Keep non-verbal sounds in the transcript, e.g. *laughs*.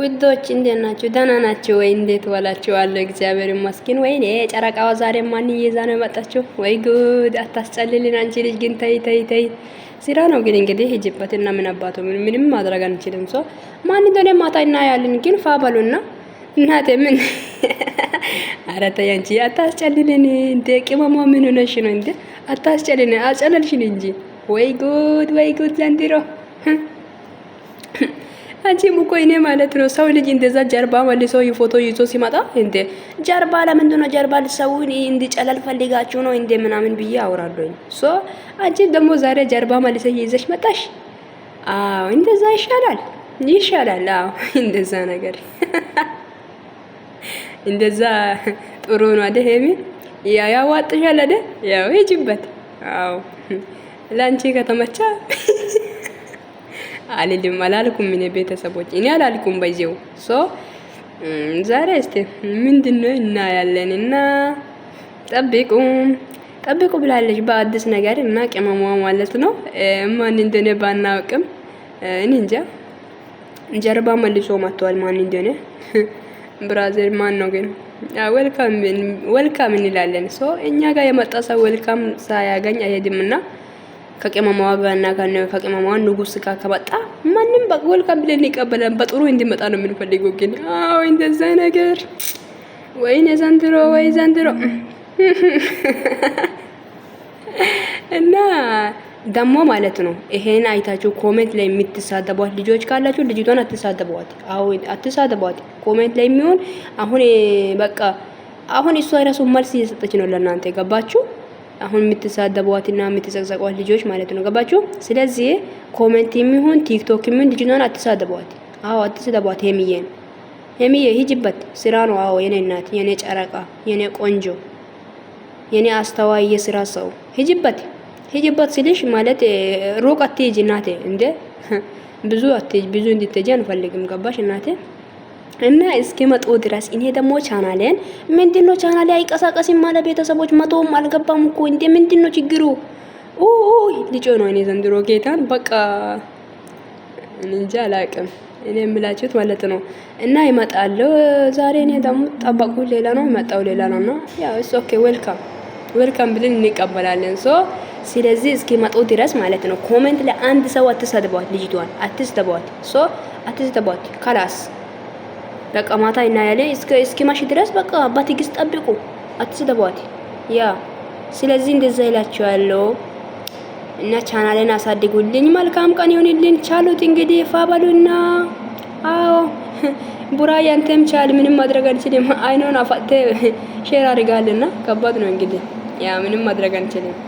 ውዶች እንዴት ናችሁ? ደህና ናችሁ ወይ? እንዴት ዋላችሁ? አለ እግዚአብሔር ይመስገን። ወይኔ ጨረቃዋ ዛሬ ማን ይዛ ነው የመጣችሁ? ወይ ጉድ! አታስጨልልን አንቺ ልጅ ግን ተይ ተይ ተይ። ስራ ነው ግን እንግዲህ ሂጅበት እና ምን አባቱ ምንም ማድረግ አንችልም። ሶ ማን እንደሆነ ማታ እናያለን። ግን ፋበሉና እናቴ ምን ኧረ *laughs* ተይ አንቺ አታስጨልልን እንዴ! ቅመሟ ምን ሆነሽ ነው እንዴ? አታስጨልልን፣ አጨለልሽን እንጂ ወይ ጉድ! ወይ ጉድ ዘንድሮ አንቺም እኮ እኔ ማለት ነው ሰው ልጅ እንደዛ ጀርባ መልሶ ፎቶ ይዞ ሲመጣ እንደ ጀርባ ለምንድን ነው ጀርባ ሰውን እንዲጨለል ፈልጋችሁ ነው እንደ ምናምን ብዬ አውራለሁኝ። ሶ አንቺ ደግሞ ዛሬ ጀርባ መልሰ ይዘሽ መጣሽ። አዎ እንደዛ ይሻላል ይሻላል። አዎ እንደዛ ነገር *laughs* እንደዛ ጥሩ ነው አይደል? ሄሚ ያ ያዋጥሻል አይደል? ያው ሂጂበት። አዎ ለአንቺ ከተመቻ አልልም። አላልኩም። ምን ቤተሰቦች እኔ አላልኩም። በዚው ሶ ዛሬ እስቲ ምንድነው እናያለንና ጠብቁ ጠብቁ ብላለች በአዲስ ነገር እና ቅመሟ ማለት ነው። ማን እንደሆነ ባናውቅም እኔ እንጃ ጀርባ መልሶ መጥቷል። ማን እንደሆነ *laughs* ብራዘር ማን ነው ግን? ወልካም ወልካም እንላለን። ሶ እኛ ጋር የመጣ ሰው ወልካም ሳያገኝ አይሄድምና ከቅመማዋ ጋና ከቅመማዋ ንጉስ ጋር ከመጣ ማንም ወልካም ብለን ይቀበላል። በጥሩ እንዲመጣ ነው የምንፈልገው። ግን አዎ እንደዛ ነገር ወይኔ ዘንድሮ ወይ ዘንድሮ እና ደሞ ማለት ነው ይሄን አይታችሁ ኮሜንት ላይ የምትሳደቧት ልጆች ካላችሁ ልጅቷን አትሳደቧት። አሁን አትሳደቧት። ኮሜንት ላይ የሚሆን አሁን በቃ አሁን እሷ የራሱ መልስ እየሰጠች ነው ለእናንተ የገባችሁ አሁን የምትሳደቧትና የምትዘቅዘቋት ልጆች ማለት ነው። ገባችሁ? ስለዚህ ኮሜንት የሚሆን ቲክቶክ የሚሆን ልጅናን አትሳደቧት። አዎ አትሳደቧት። ሄሚዬን ሄሚዬ ሂጅበት ስራ ነው። አዎ የኔ እናት፣ የኔ ጨረቃ፣ የኔ ቆንጆ፣ የኔ አስተዋይ የስራ ሰው ሂጅበት። ሂጅበት ስልሽ ማለት ሩቅ አትሂጂ እናቴ። እንደ *laughs* ብዙ አትሂጂ፣ ብዙ እንድትሄጂ አንፈልግም። ገባሽ እናቴ? እና እስኪመጡ ድረስ እኔ ደግሞ ቻናሌን ምንድነው ቻናሌ አይቀሳቀስም ማለት ቤተሰቦች መቶም አልገባም እኮ እንዴ! ምንድነው ችግሩ? ኦ ልጮ ነው። እኔ ዘንድሮ ጌታን በቃ እንጃ አላቅም። እኔ የምላችሁት ማለት ነው። እና ይመጣል ዛሬ። እኔ ደግሞ ጠበቁ ሌላ ነው፣ ይመጣው ሌላ ነው። እና ያው እሱ ኦኬ ዌልካም ዌልካም ብለን እንቀበላለን። ሶ ስለዚህ እስኪ እስኪመጡ ድረስ ማለት ነው ኮሜንት ላይ አንድ ሰው አትሰድቧት፣ ልጅቷን አትስደቧት፣ ሶ አትስደቧት ከላስ በቃ ማታ እናያለን። እስከ ማሽ ድረስ በቃ በትዕግስት ጠብቁ፣ አትስደቧት። ያ ስለዚህ እንደዛ ይላችኋለሁ እና ቻናሌን አሳድጉልኝ። መልካም ቀን ይሁንልኝ። ቻሉት እንግዲህ ፋበሉና አዎ *laughs* ቡራ ያንተም ቻል፣ ምንም ማድረግ አንችልም። አይኖን አፋቴ ሼር አድርጋልና ከባድ ነው እንግዲህ ያ ምንም ማድረግ አንችልም።